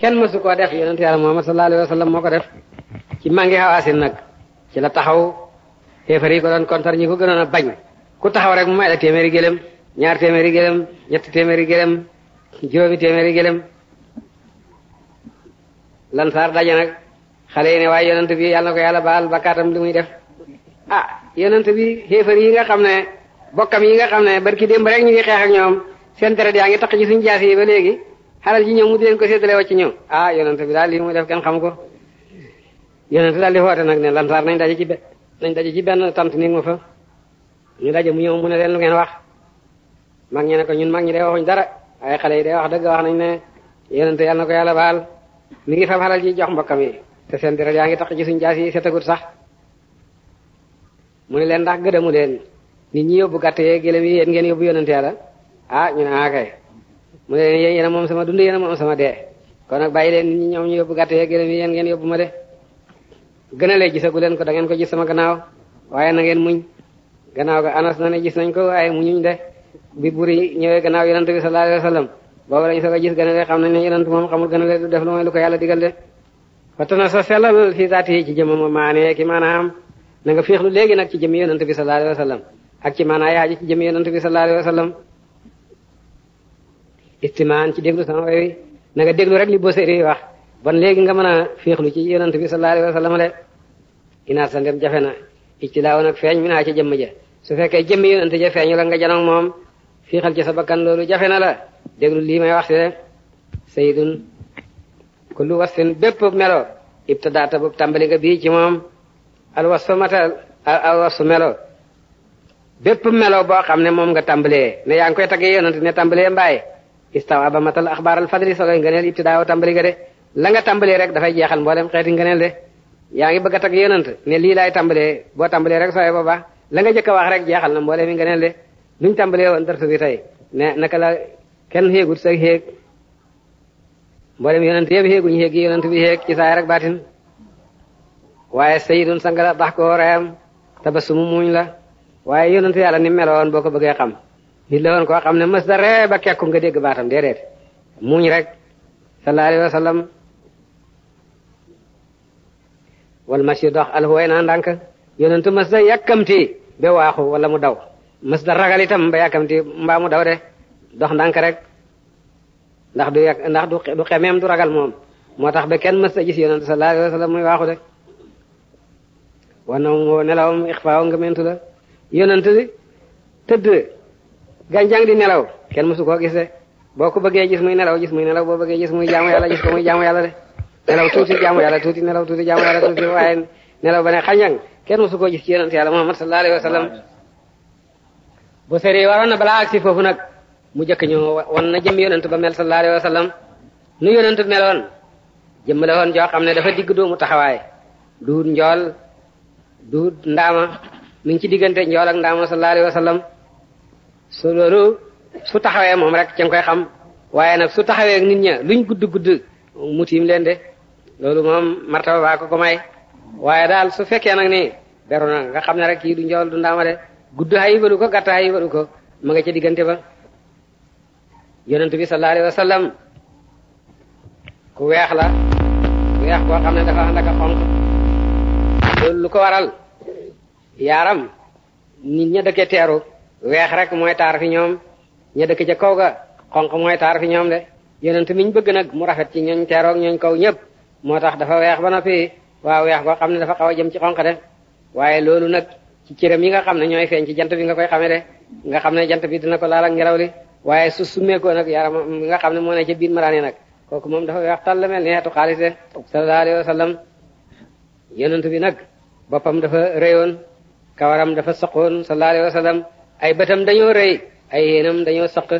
kenn mësu koo def yonentu yàlla Muhammad sallallahu alayhi wa sallam moo ko def ci mangi xawaasin nag ci la taxaw xéefar yi ko doon kontar ñi ko gënoon a bañ ku taxaw rek mu may la téeméeri gélém ñaar téeméeri gélém ñetti téeméeri gélém juróomi téeméeri gélém lan saar daje nag xale yi ne waaye yonent bi yàlla na ko yàlla baal bakkaatam li muy def ah yonent bi xéefar yi nga xam ne bokkam yi nga xam ne barki démb rek ñu ngi xeex ñoom seen deret yaa ngi taq ci suñu jaas yi ba léegi xalal ci ñëw mu di leen ko séddale wa ci ñoom ah yonent bi daal lii muy def kenn xam ko yonent daal di woote nag ne lansaar nañ daje ci benn nañ daje ci benn tant ni ma fa ñu daje mu ñëw mu ne leen lu ngeen wax mag ñi ko ñun mag ñi day waxuñ dara waaye xale yi day wax dëgg wax nañ ne yonent yàlla na ko yàlla baal mi ngi fab xalal ji jox mbokkam yi te seen deret yaa ngi tax ci suñ jaas yi setagut sax mu ne leen ndax mu leen nit ñi yóbbu gàtt yee gëlëm yi yéen ngeen yóbbu yonent yàlla ah ñu ne ah kay mu ne leen moom sama dund yéen a moom sama dee kon nag bàyyi leen nit ñi ñoom ñu yóbbu gàtt yeeg gëlëm yi yéen ngeen yóbbu ma de gënalee gisagu leen ko da ngeen ko gis sama gannaaw waaye na ngeen muñ gannaaw ga anas na ne gis nañ ko waaye muñuñ de bi buri ñëwee gannaaw yonent bi sallallahu alayhi boobu lañ soog a gis gënale xam na ne yonent moom xamul gënale du def lu mooy lu ko yàlla digal de fatana sa sellal fii zaati yi ci jëmam maanee ki na nga féexlu léegi nag ci jëmi yonent bi sallallahu alayhi wasallam ak ci maanaa yaaji ci jëmi yonent bi sallallahu istimaan ci déglu sama way wi na nga déglu rek li boo Busayri wax bon léegi nga mën a féexlu ci yonent bi sallallahu alayhi wa sallam de inaa sa ndem jafe na ictilaaw nag feeñ mi naa ci jëmm ja su fekkee jëmmi yonent ja feeñu la nga janoog moom fiixal ci sa bakkan loolu jafe na la déglu lii may wax te sayyidun kullu wasfin bépp melo daata bu tàmbali nga bii ci moom al wasfu matal al wasfu melo bépp melo boo xam ne moom nga tàmbalee ne yaa ngi koy taggee yonent ne tàmbalee mbaay istawa ba matal axbaaral fadli soogay ngëneel ibtidaaw tàmbali nga de la nga tàmbalee rek dafay jeexal mboolem xeeti ngëneel de yaa ngi bëgg a tag yonent ne lii laay tàmbalee boo tàmbalee rek sooy ba baax la nga jëkk a wax rek jeexal na mboolem yi ngëneel de nuñ tàmbalee woon darsu bi tey ne naka la kenn xéegut sa xéeg mboolem yonent yëpp xéeguñu xéeg yi yonent bi xéeg ci saay rek baatin waaye sayidun sanga la dax ko reem tabassumu muñ la waaye yonent yàlla ni meloon boo ko bëggee xam nit la woon koo xam ne mës da a ba kekku nga dégg baatam déedéet muñ rek sallallahu alayhi wal mashi dox alhuway naa ndànk yonentu mës da yàkkamti ba waaxu wala mu daw mës da ragal itam ba yàkkamti mbaa mu daw de dox ndànk rek ndax du yàq ndax du xemeem du ragal moom moo tax ba kenn mës da gis yonentu sallallahu alayhi muy waaxu de wana nelawam ixfaawam nga mentu la yonent tëdd gàncax di nelaw kenn mësu koo gis de boo ko bëggee jis muy nelaw jis muy nelaw boo bëggee gis muy jaamu yàlla gis ko muy jaamu yàlla de nelaw tuuti jaamu yàlla tuuti nelaw tuuti jaamu yàlla tuuti waaye nelaw ba ne xañang kenn mësu koo gis ci yonent yàlla Muhammad sallallahu alayhi wa sallam bu seri waroon balaa agsi foofu nag mu jëkk ñu wan na jëm yonent ba mel sallallahu alayhi wa sallam nu yonent meloon jëmm la woon joo xam ne dafa digg mu taxawaay duut njool duut ndaama mi ci diggante njool ak ndaama sallallahu alayhi wa sallam su loolu su taxawee moom rek ca koy xam waaye nag su taxawee nit ña luñ gudd gudd mu tiim leen de loolu moom martaba baa ko ko may waaye daal su fekkee nag ni beru na nga xam ne rek kii du njool du ndaama de gudd xayibalu ko gàtt xayibalu ko ma nga ca diggante ba yonent bi sallallahu alayhi wa ku weex la weex koo xam ne dafa ànd ak loolu lu ko waral yaram nit ña dëkkee teeru weex rek mooy taar fi ñoom ña dëkk ca kaw ga xonq mooy taar fi ñoom de yonent miñ bëgg nag mu rafet ci ñooñ teeroog ñooñ kaw ñëpp moo tax dafa weex ba noppi waa weex goo xam ne dafa xaw a jëm ci xonq de loolu nag ci cëram yi nga xam ne ñooy feeñ ci jant bi nga koy xamee nga xam ne jant bi dina ko laal ak ngelaw li waaye su summeekoo nag yaram nga xam ne moo ne ca biir maraane nag kooku moom dafa weex tàll mel ni xeetu xaalis de sallallahu alayhi wa sallam bi nag boppam dafa réyoon kawaram dafa soqoon sallallahu alayhi wa sallam ay bëtam dañoo rëy ay yéenam dañoo sëq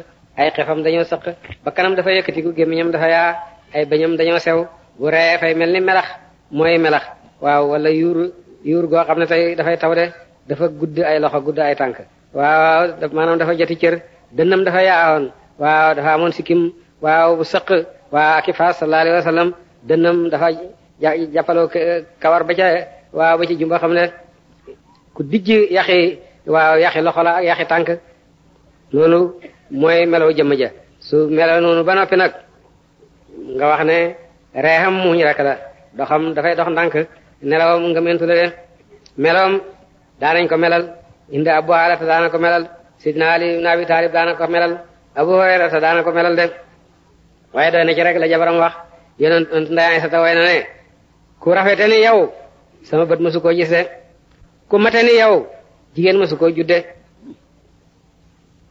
ay xefam dañoo sëq bakkanam dafa yëkkatiku gémmiñam dafa yaa ay bañam dañoo sew bu reyee fay mel ni melax mooy melax waaw wala yuur yuur xam ne tey dafay taw de dafa gudd ay loxo gudd ay tànk waaw maanam dafa joti cër dënnam dafa yaawoon waaw dafa amoon sikkim waaw bu sëq waaw ak i wa sallam dënnam dafa jàppaloo kawar ba waaw ba jumba xam ne ku dijj yaxi waaw yaxi loxo la ak yaxi tànk noonu mooy melaw jëmm ja su melaw noonu ba noppi nag nga wax ne reexam muuñ rek la doxam dafay dox ndànk nelawam nga mentu la de melawam daanañ ko melal indi abu haalata daana ko melal sidna ali ibn abi taalib daana ko melal abu hurayrata daana melal de waaye doy na ci rek la jabaram wax yonent nday Aysata way na ne ku rafete ni sama bët mësu koo gis de ku mate yow jigéen mësu koo judde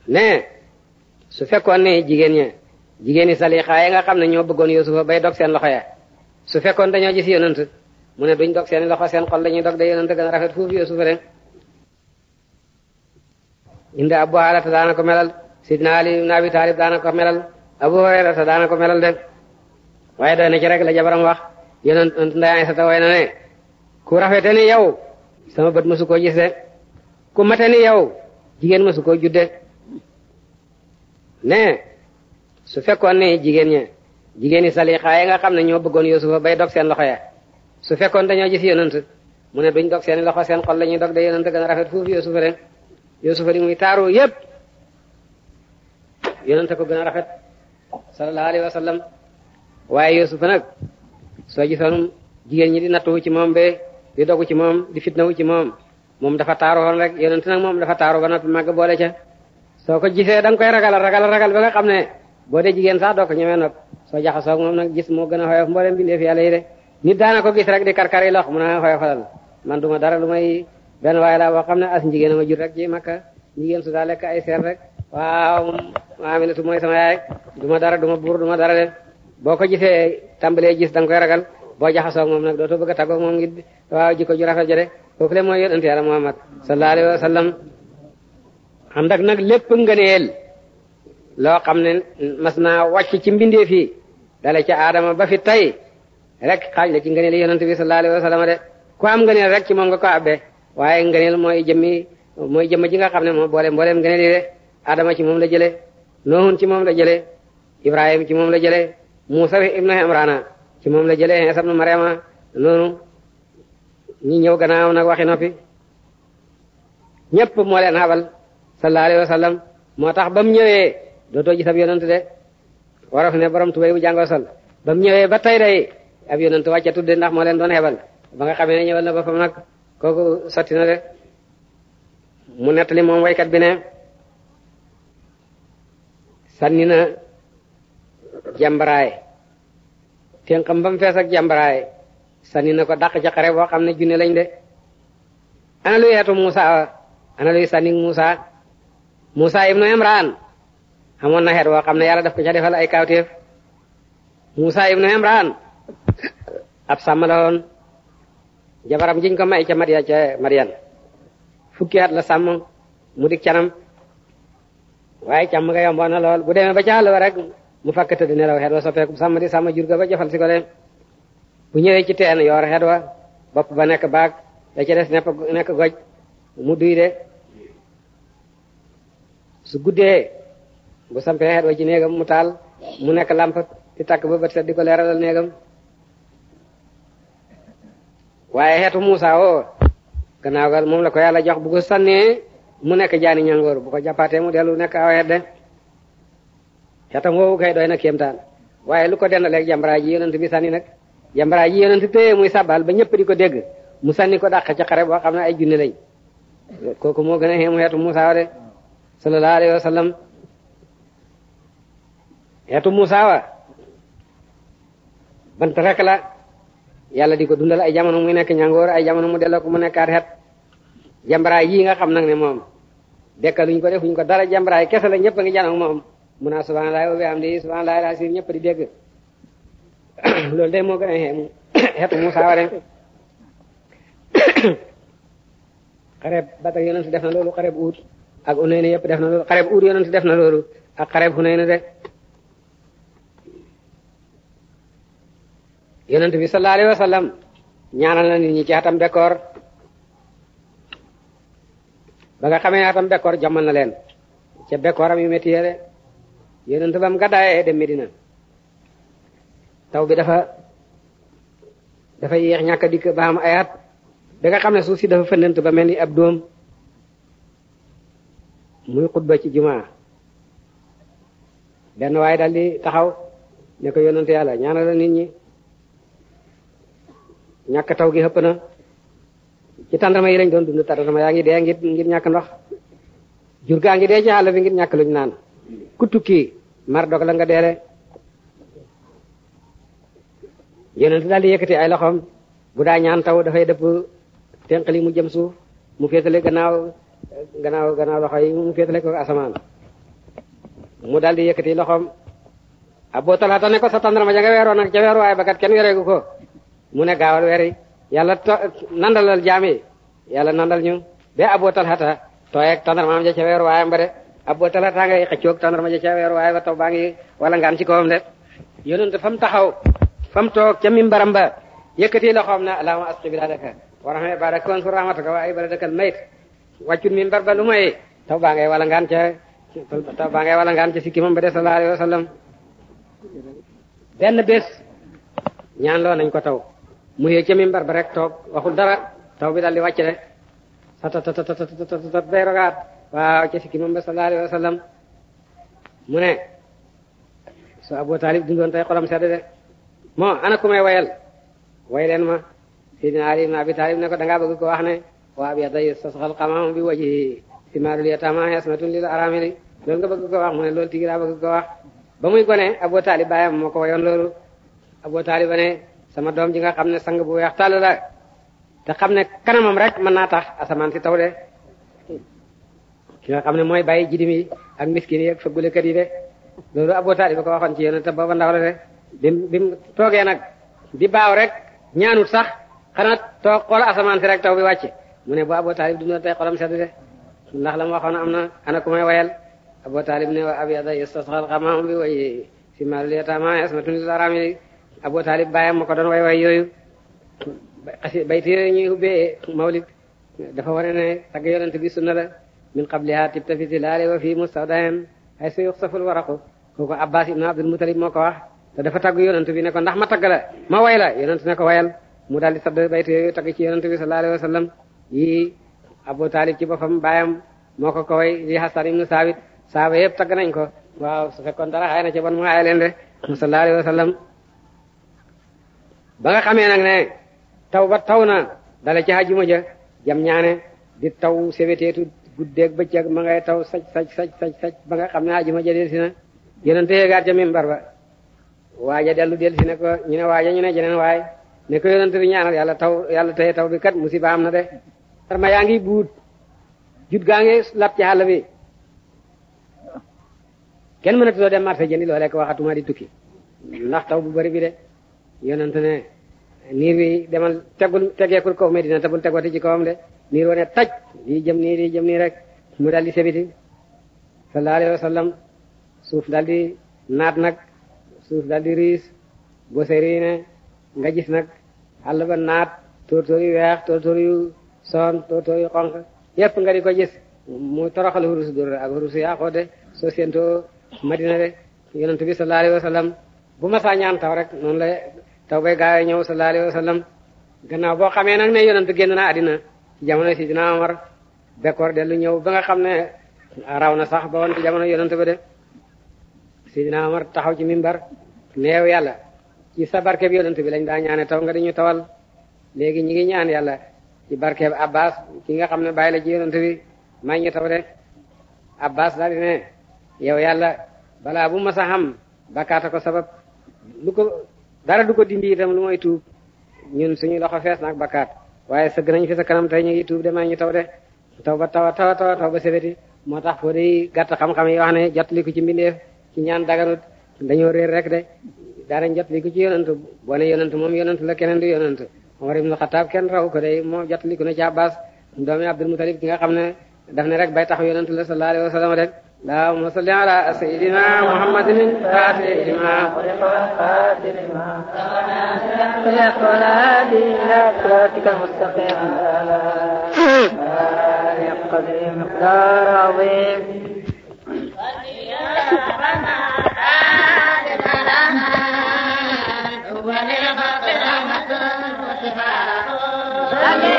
mais su fekkoon ne jigéen ña jigéen yi salixaa ya nga xam ne ñoo bëggoon Yuusufa bay dog seen loxo ya su fekkoon dañoo gis yonent mu ne duñ dog seen loxo seen xol dañuy dog de yonent gën a rafet foofu Yuusufa de inda Abu Haalata daana ko melal Sidna Ali ibn Abi Taalib daana ko melal Abu Hurayrata daana ko melal de waaye doy na ci rek la jabaram wax yonent Ndey Aysata way na ne ku rafete ni yow sama bët mësu koo gis de ku mate ni yow jigéen mësu koo judde mais su fekkoon ne jigéen ña jigéen ñi salixaa yi nga xam ne ñoo bëggoon Yuusufa bay dog seen loxo ya su fekkoon dañoo gis yonent mu ne duñ dog seen loxo seen xol la ñuy dog de yonent gën a rafet foofu Yuusufa rek Yuusufa li muy taaru yépp yonent ko gën rafet sallallahu alayhi wa sallam waaye Yuusufa nag soo gisoon jigéen ñi di nattuwu ci moom be di dogu ci moom di fitnawu ci moom moom dafa taaru woon rek yonent nag moom dafa taaru ba noppi màgg boole ca soo ko gisee da nga koy ragal ragal ragal ba nga xam ne boo dee jigéen sax doo ko ñemee nopp soo jaxasoo moom nag gis moo gën a xoyof mboolem bindeef yàlla yi de nit daana ko gis rek di karkar yi a ah, xoyofalal man duma dara lu may benn waaye laa boo xam ne as njigéen a ma rek ci makka njigéen su daa lekk ay seer rek waaw Aminatu mooy sama yaay duma dara duma buur duma dara de boo ko gisee tàmbalee gis da nga koy ragal boo jaxasoo moom nag dootoo bëgga a moom ngi waaw jikko ju rafet ja de kooku le mooy yonent yàlla Muhammad sallallahu alayhi wa sallam ànd ak nag lépp ngëneel loo xam ne mas naa wàcc ci mbindeef yi dale ca aadama ba fi tey rek xaaj la ci ngëneel yonent bi sallallahu alayhi wa sallam de ku am ngëneel rek ci moom nga ko abbe waaye ngëneel mooy jëmmi mooy jëmm ji nga xam ne moo boole mbooleem ngëneel yi de aadama ci moom la jële noohun ci moom la jële ibrahim ci moom la jële muusa ibnu imrana ci moom la jële isa ibnu mariama noonu ñi ñëw gannaaw nag waxi noppi ñépp moo leen xabal sallallahu alayhi wa moo tax ba mu ñëwee dootoo gis ab yonent de warof ne borom tubéy bu jàngoo sol ba mu ñëwee ba tey day ab yonent wàcce tudde ndax moo leen doon xebal ba nga xamee ne ñëwal na boppam nag kooku sotti na de mu nettali moom waykat bi ne sànni na jàmbaraay ténqam ba mu fees ak jàmbaraay sànni na ko dàq ca xare boo xam ne junne lañ de ana luy yeetu Musa ana luy sànni Musa Musa ibnu Imran amoon na yàlla daf ko ca defal ay kawteef Musa ibnu Imran ab sàmm la woon jabaram jiñ ko may ca Madian ca Madian fukki at la sàmm mu dik canam waaye càmm nga yomboon na lool bu demee ba ca la ba rek mu fàkk tëdd nelaw xeet wa soppeeku sàmm di sàmm jur ga ba jëfal si ko de bu ñëwee ci teen yoor xet wa bopp ba nekk baag da ca des nekk goj mu duy de su guddee bu sampee xet wa ci néegam mu taal mu nekk làmp di takk ba bët set di ko leeralal néegam waaye xeetu Muusa woo gannaaw ga moom la ko yàlla jox bu ko sànnee mu nekk jaani ñangoor bu ko jàppaatee mu dellu nekk aw xeet de xeetam woowu kay doy na kéemtaan waaye lu ko dendaleeg jàmbaraa ji yonent bi sànni nag yambaraay ji yonent téye muy sàbbal ba ñëpp di ko dégg mu sànni ko dàq ci xare boo xam ne ay junne lañ kooku moo gën a xeemu xeetu Musaa de sallallahu alayhi wa sallam xeetu Musaa wa bant rek la yàlla di ko dundal ay jamono muy nekk ñangoor ay jamono mu delloo ko mu nekkaat xet jambaraay yi nga xam nag ne moom dekkaluñ ko defuñ ko dara jambaraay kese la ñëpp a ngi janoog moom mun naa subhanallahi wa bihamdihi subhanallahi al-azim ñëpp di dégg loolu de moo gën a xeemu xeetu Musaa ware xareb Badar yonent def na loolu xareb yëpp def na loolu xareb Uhud yonent def na loolu ak xareb Hunayn de yonent bi sallallahu alayhi wa sallam ñaanal na nit ñi ci atam bekkoor ba nga xamee atam bekkoor jommal na leen ca bekkooram yu metti yére yonent bam gàddaayee dem Medina taw bi dafa dafa yéex ñàkk a dikk ba am ayaat da xam ne suuf si dafa fëndant ba mel ni ab doom muy xutba ci jumaa benn waaye daal di taxaw ne ko yonante yàlla ñaanal nit ñi ñàkk taw gi xëpp na ci tàndarma yi lañ doon dund tàndarma yaa ngi dee ngir ngir ñàkk ndox jur gaa ngi dee ci àll bi ngir ñàkk luñ naan ku tukki mar dog la nga deele yonent daal di yëkkati ay loxom bu daa ñaan taw dafay dëpp tenq li mu jëm suuf mu féetale gannaaw gannaaw gannaaw loxo yi mu féetale ko asamaan mu daal di yëkkati loxoom Abu Talha ne ko sa tàndarma ja nga weeroon ak ca weer waaye ba kat kenn wereegu ko mu ne gaawal weeri yàlla to nandalal jaam yi yàlla nandal ñu be Abu Talha tooy ak tàndarmaam ja ca weer waayam ba de Abu Talha ngay xëccoog tàndarma ja ca weer waaye ba taw baa ngi wala ngaan ci kawam de yonent fa taxaw fa mu toog ca mimbaram ba yëkkati loxoom na allahumma asqi biladaka wa rahmi ibadaka wansur rahmataka wa ay baladakal mayit wàccut mimbar ba lu mooy taw baa ngay wala ca sikki moom de sallallahu alayhi wa sallam ñaan loo nañ ko taw mu yéeg ca mimbar ba rek toog waxul dara taw bi daal di wàcc de ta bay rogaat waaw ca sikki moom ba sallallahu alayhi wa sallam mu ne su Abu Talib dundoon tey xolam sedd de moo ana ku may wayal way leen ma sidina Ali ibn bi Talib ne ko dangaa bëgg ko wax ne waa bi yaday sasxal xamam bi waji simaarul yatama yasmatun lil aramili loolu nga bëgg ko ne loolu tigi laa ko wax ba muy gone Abu Talib moo ko wayoon loolu Abu Talib ne sama doom ji nga xam ne sang bu weex tàll la xam ne kanamam rek mën naa tax asamaan si taw de ki nga mooy bàyyi jidim ak miskin yi ak yi de loolu Abu Talib waxoon ci yonent te booba ndaw la de bi bi mu toogee di baaw rek ñaanut sax xanaa toog xool asamaan si rek taw bi wàcce mu ne bu Abu Taalib dundoon tey xolam sedd de ndax la mu waxoon am na ana ku may wayal Abu Taalib ne wa abyada yastasxal xamaam bi way fi maalul yataama ismatun lil araami Abu Taalib bàyyam ma ko doon way way yooyu bayti yooyu ñuy ubbee dafa wane ne tagg yonent bi sunna la min qabliha tibta fi zilaali wa fi mustawdayan ay su yuxsaful waraqu kooku Abbas ibn Abdul Mutalib moo ko wax te dafa tagg yonent bi ne ko ndax ma tagg la ma way la ne ko wayal mu daal di sadd bayte yooyu tagg ci yonent bi sallallahu alayhi wa sallam yi Abu Talib ci boppam baayam moo ko ko way li Hasan ibn Saabit saaba yëpp tagg nañ ko waaw su fekkoon dara xay na ci bon mu xay leen de sallallahu alayhi wa ba nga xamee nag ne taw ba taw na dala ci hajuma ja jam ñaane di taw sebeteetu guddeeg bëccëg ma ngay taw saj saj saj saj saj ba nga xam ne hajuma ja desi na yonent yeegaat ca mimbar waaja dellu del si ne ko ñu ne waaja ñu ne jeneen waay ne ko yonent bi ñaanal yàlla taw yàlla taw bi kat musiba am na de xarma ngi buut gaa ngi lap ci àll bi kenn mënatuloo dem marché jëndi loolee ko waxatuma di tukki ndax taw bu bari bi de yonent ne niir wi demal tegul tegekul kaw mais dina tabul tegooti ci kawam de niir wane taj di jëm nii di jëm nii rek mu daal di sebiti sallallahu alayhi suuf daal di naat nag suuf dal di riis boseri ne nga gis nag àll ba naat tóortóor yu weex tóortóor yu soon tóortóor yu xonq yépp nga di ko gis mu toroxal hurus dur ak hurus yaaxoo de soo séentoo madina de yonent bi sallallahu alayhi wa bu ma saa ñaan taw rek noonu la taw bay gaawee ñëw sallallahu alayhi wa sallam boo xamee nag ne yonent génn na àddina ci jamono si dina Omar bekkoor dellu ñëw ba nga xam ne raw na sax ba woon ci jamono yonent ba de Seydina Omar taxaw ci mimbar neew yàlla ci sa barkeb yonent bi lañ daa ñaane taw nga dañu tawal léegi ñi ngi ñaan yàlla ci barkeb Abbas ki nga xam ne bàyyi la ci yonent bi may ñu taw de Abbas daal di yow yàlla balaa bu masa xam bakkaata ko ko dara du ko dindi itam lu mooy ñun suñu loxo fees nag bakkaat waaye sëgg nañ fi sa tey ñu ngi tuub de may ñu taw de taw ba taw taw taw taw ba sebeti moo tax foo day gàtt xam-xam yi wax ne jot ci mbindeef ci ñaan daganut dañoo réer rek de daanañ jot li ci yonent boo ne moom yonent la keneen du yonent Umar ibn kenn raw ko de moo jot li ko ne ci Abbaas doomi Abdul Mutalib ki nga xam ne daf ne rek bay tax yonent la sallallahu alayhi wa sallam rek allahumma salli ala sayyidina muhammadin faatihi lima ughliqa وللغفر رحمة وشفاء صلي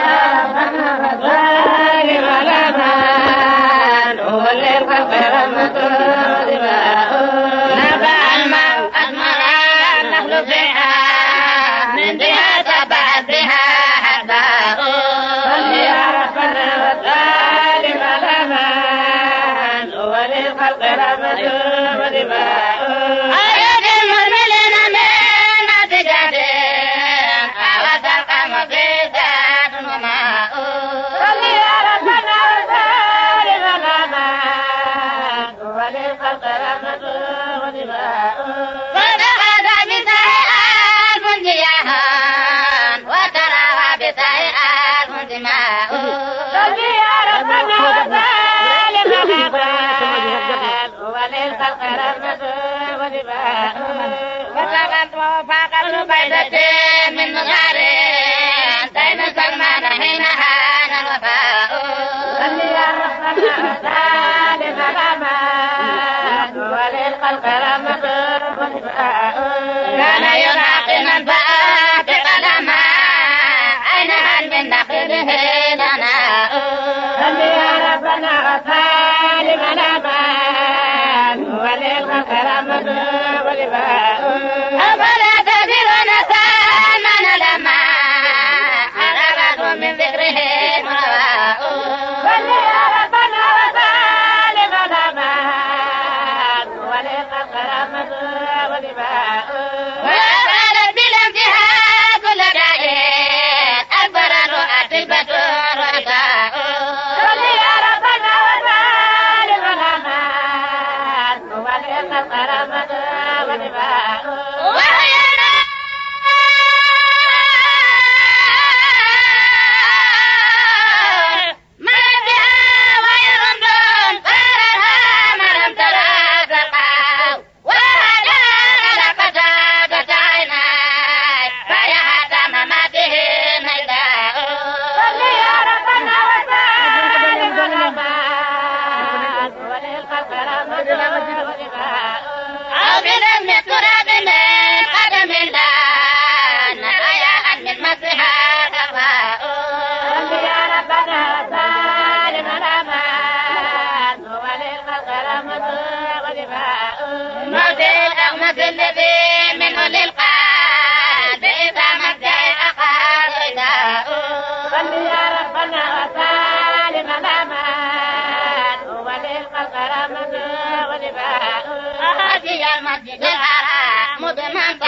أبنا فضل كرمه مشفاء كان يراقنا الفات قدما أين هل من داخله دناء صل يا ربنا وسلم لمن وللكرمة والباء المسجد الحرام مدمن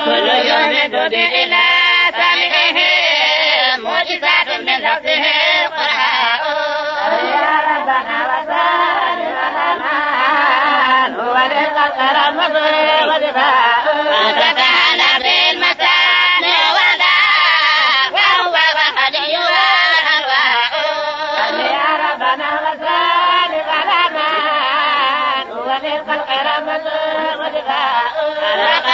كل يوم تبي إلى سمعه معجزات من لفظه قرآن يا ربنا وسلم هو رزق المصير والدفاع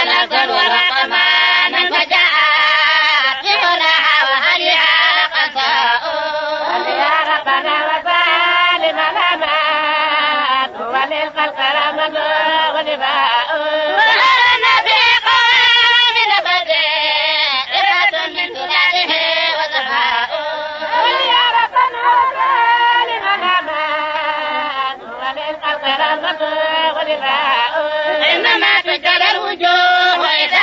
ونزل الورق مانا فجاءت بغناها وهلها قساء يا ربنا وسالم الأمان وللخلق رمضان ولباء الغرامة والراء إنما تجرى الوجوه إذا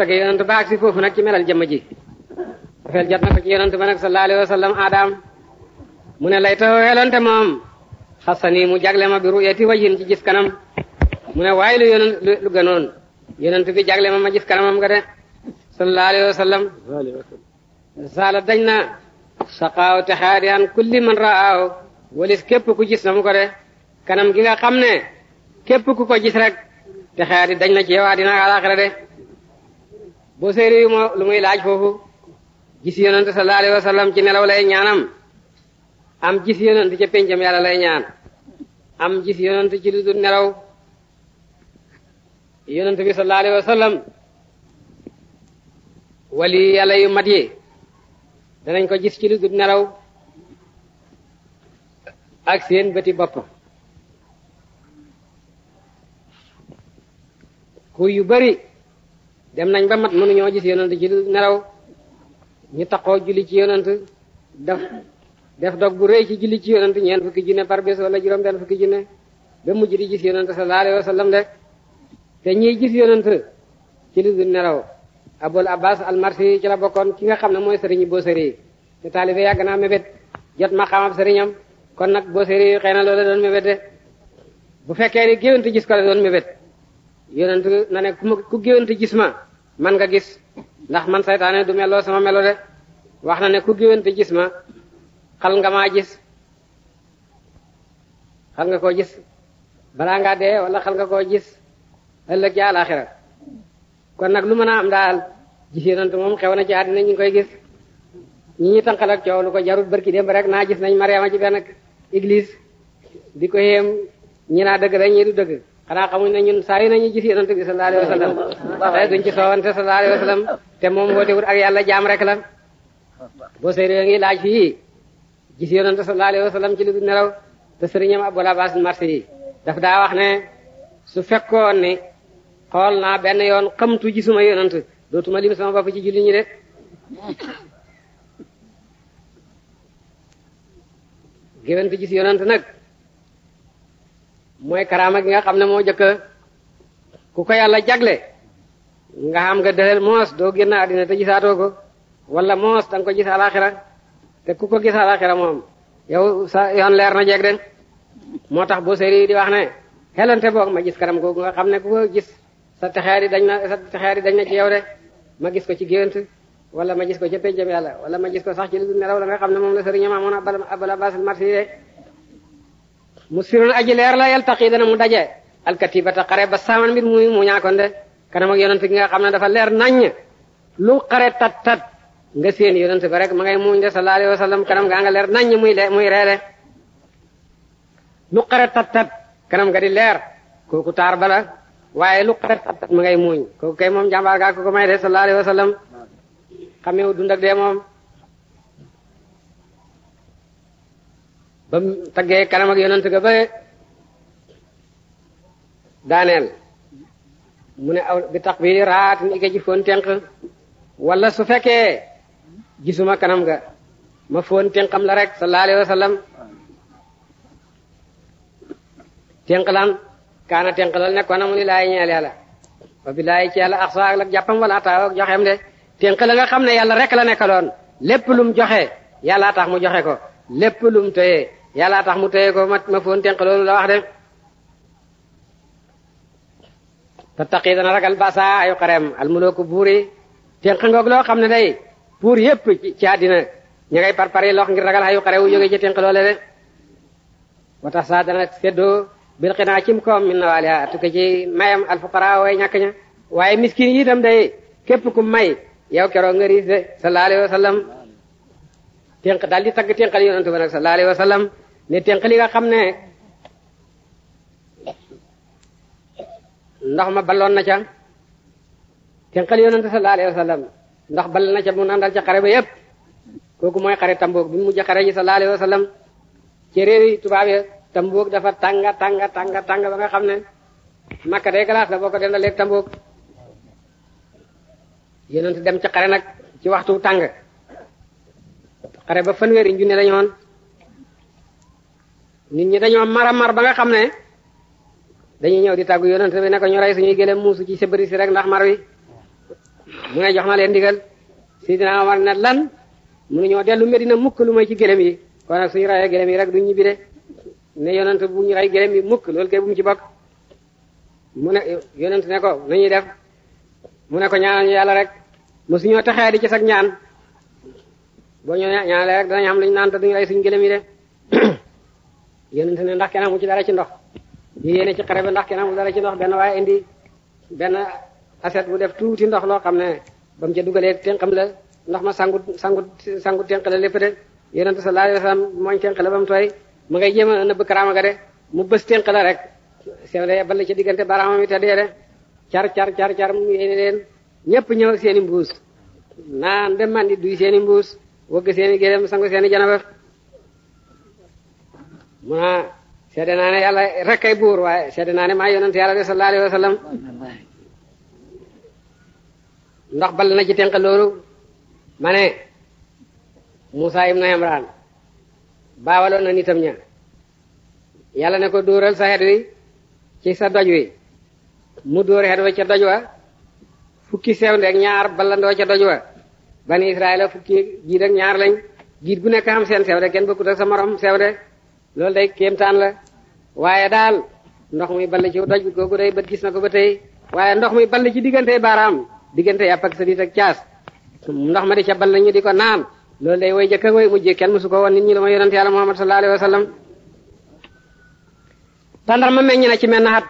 tagg yonent ba agsi foofu nag melal jëmm ji rafet jot na ko ci yonent ba nag sallallahu alayhi wa mu ne lay taw moom xasani mu jagle ma bi ruyati wajin ci gis kanam mu ne waaye lu yonent lu gënoon bi jagle ma ma gis kanamam nga de sallallahu alayhi saala dañ na saqaaw texaadi an kulli man raaw walis képp ku gis na mu ko de kanam gi nga xam ne képp ku ko gis rek texaadi dañ na ci yow àddina ak àllaaxira de boo yu moo lu muy laaj foofu gis yonent sallallahu alayhi sallam ci nelaw lay ñaanam am gis yonent ca péncam yàlla lay ñaan am gis yonent ci lu nelaw yonent bi sallallahu alayhi wa wali yàlla yu mat yi danañ ko gis ci lu nelaw ak seen bëti bopp ku yu bari dem nañ ba mat mënuñoo gis yonent ci nelaw ñu taxoo julli ci yonent def def dog bu rëy ci julli ci yonent ñeent fukki junne par bés wala juróom benn fukki junne ba mujj di gis yonent sallallahu alayhi wa sallam de te ñiy gis yonent ci lu dul nelaw abul abbas almarsi ci la bokkoon ki nga xam ne mooy sëriñu Booseri te taalibe yàgg naa mébét jot ma xamab sëriñam kon nag Booseri xëy na loolu doon mébét de bu fekkee ni géwéntu gis ko la doon mébét yonent na ne ku ma gis ma man nga gis ndax man saytaane du meloo sama melo de wax na ne ku géwante gis ma xal nga maa gis xal nga koo gis balaa nga dee wala xal nga koo gis ëllëg ci àlaxira kon nag lu mën a am daal gis yonent moom xew na ci àddina ñu ngi koy gis ñi ñuy tànqal ak coow lu ko jarut barki démb rek naa gis nañ Mariama ci benn église di ko yéem ñi naa dëgg rek ñi du dëgg xanaa xamuñ ne ñun saa yu nañu gis yonent bi sallallahu alayhi wa sallam tey duñ ci soowante sallallahu alayhi wa sallam te moom wootewut ak yàlla jaam rek la boo seetloo ngi laaj fii gis yonent sallallahu alayhi wa sallam ci lu du nelaw te sëriñam Abul Abbas marché yi daf daa wax ne su fekkoon ni xool naa benn yoon xamtu gisuma yonent dootuma lim sama bopp ci julli ñi de géwéntu gis yonent nag mooy karaama gi nga xam ne moo jëkk ku ko yàlla jagle nga xam nga dëhër moos doo génn àddina te gisaatoo ko wala moos da nga ko gis alaxira te ku ko gis alaxira moom yow sa yoon leer na jeeg den moo tax boo séeri di wax ne xelante boog ma gis kanam googu nga xam ne ku ko gis sa texeer yi dañ na sa texeer dañ na ci yow de ma gis ko ci gént wala ma gis ko ca pénjam yàlla wala sax ci nelaw la nga xam ne moom la sëriñam amoon abal abal abbas marsi de mu musiroon aji leer la yaltaqi dana mu daje alkatibata xare ba saaman mbir muy mu ñaakoon de kanam ak yonent gi nga xam ne dafa leer naññ lu xare tat tat nga seen yonent ba rek ma ngay muuñ de sallallahu alayhi wasallam kanam nga leer naññ muy le muy reere lu xare tat tat di leer kooku taar bala waaye lu xare tat tat muuñ kooku kay moom jàmbaar gaa ko ko may de sallallahu alayhi wasallam xamewu dund dee moom ba mu taggee kanam ak yonent ga ba daaneel mu ne aw bi tax bi raat ni ike ci foon tenq wala su fekkee gisuma kanam ga ma foon tenqam la rek sallallahu alayhi wa sallam tenq kaana tenq lal nekkoon na mu ni laay ñeel yàlla wa bi laay ci yàlla ak saak lak jàppam wala taa ak joxeem de tenq la nga xam ne yàlla rek la nekkaloon lépp lum joxe yàlla tax mu joxe ko lépp lum tëye yàllaa tax mu téye ko ma ma foon tenq loolu la wax de te taqi dana ragal basa ayu xarem almulooku buuri tenq ngoog loo xam ne day buur yépp ci àddina ña ngay parpari lox ngir ragal ayu xarewu jóge ci tenq loole de wa tax saa dana seddoo bil xinaa cim koom min a tukke ci mayam alfuqara way ñàkk ña waaye miskin yi itam day képp ku may yow keroog nga riis de sallallahu alayhi wa daal di tagg tenqal yonentu ba nag sallallahu alayhi wa ne tenq li nga xam ne ndax ma balloon na ca tenqal yonente sallallahu alayhi wa sallam ndax bal na ca mu nandal ca xare ba yépp kooku mooy xare tamboog bi mu mujj xare ji sallallahu alayhi wa sallam ci réewi tubaab ya dafa tànga tànga tànga tànga ba xam ne makka day la boo ko dendalee tamboog yonente dem ci xare nag ci waxtu tàng xare ba fanweeri junne lañoon nit ñi dañoo mara mar ba nga xam ne dañuy ñëw di tàggu yonent bi ne ko ñu ñuy suñuy gëlëm su ci sëbëri rek ndax mar wi mu ne jox na leen ndigal sidina Omar na lan mënuñoo dellu Medina mukk lu may ci gëlëm yi kon suñu reyee gëlëm yi rek duñ ñibbi de ne yonent bu ñu rey gëlëm yi mukk loolu kay mu ci bokk mu ne ne ko nu ñuy def mu ne ko ñaanal ñu yàlla rek mosuñoo taxee di ci sag ñaan boo ñu ñaanalee rek danañ xam lu ñu naan te duñu rey suñu gëlëm yi de yonente ne ndax kenn amu ci dara ci ndox ñu yéene ci xare bi ndax kenn amu dara ci ndox benn waaye indi benn aset bu def tuuti ndox loo xam ne ba mu ca dugalee tenqam la ndox ma sangut sangut sangut tenq lépp de yonente sallallahu alayhi wasallam mooñ tenq la ba mu tooy ma ngay jéem a nëbb karaama ga de mu bës tenq la rek sew de bala ca diggante baraamam yi te dee de car car car mu yéene leen ñëpp ñëw ak seen i mbuus naan ba mandi duy seen i mbuus wëgg seen i gélém sangu seen i mu naa seede naa ne yàlla rek kay buur waaye seede naa ne maa yonent yàlla bi sa alayhi ndox bal na ci tenq loolu ma ne Moussa ibn Imran baawaloon na nitam ña yàlla ne ko dóoral sa xet wi ci sa doj wi mu dóor xet ca doj wa fukki sew ndeg ñaar ballandoo ca doj wa bani Israël fukki jiit ak ñaar lañ jiit bu nekk xam seen sew de kenn bokkut ak sa morom sew de loolu day kéemtaan la waaye daal ndox muy ball ci doj googu day bët gis na ko ba tey waaye ndox muy ball ci diggante baaraam diggante yàpp ak sëriñ ak caas ndox ma di ca ball ñu di ko naan loolu day woy jëkk ak woy mujjee kenn musu ko nit ñi la ma yonent yàlla muhammad sallallahu alayhi na ci menn xat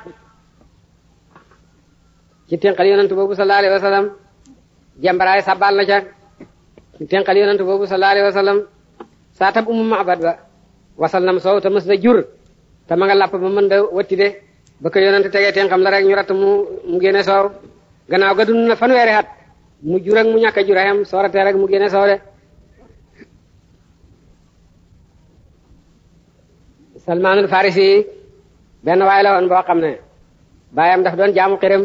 ci tenqal yonent boobu sallallahu alayhi wa sallam jambaraay sabal na ca tenqal yonent boobu sallallahu alayhi wa sallam saa tab umu maabad ba wasallam sow te mës na jur te ma nga làpp ba mën da watti de ba ko yonent tegee teen xam la rek ñu ratt mu mu génne soow gannaaw ga dund na fanweeri at mu jur mu ñàkk a jur ayam sooratee rek mu génne soow de salmaanul farisi benn waay la woon boo xam ne baayam daf doon jaamu xirim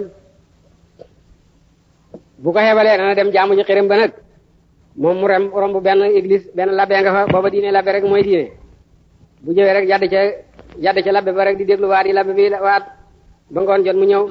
bu ko xeebalee dana dem jaamu ji xirim ba nag moom mu rem romb benn église benn labbe nga fa booba diine labbe rek mooy diine bu ñëwee rek yàdd ca yàdd ca labbe ba rek di déglu waat yi labbe bi waat ba ngoon jot mu ñëw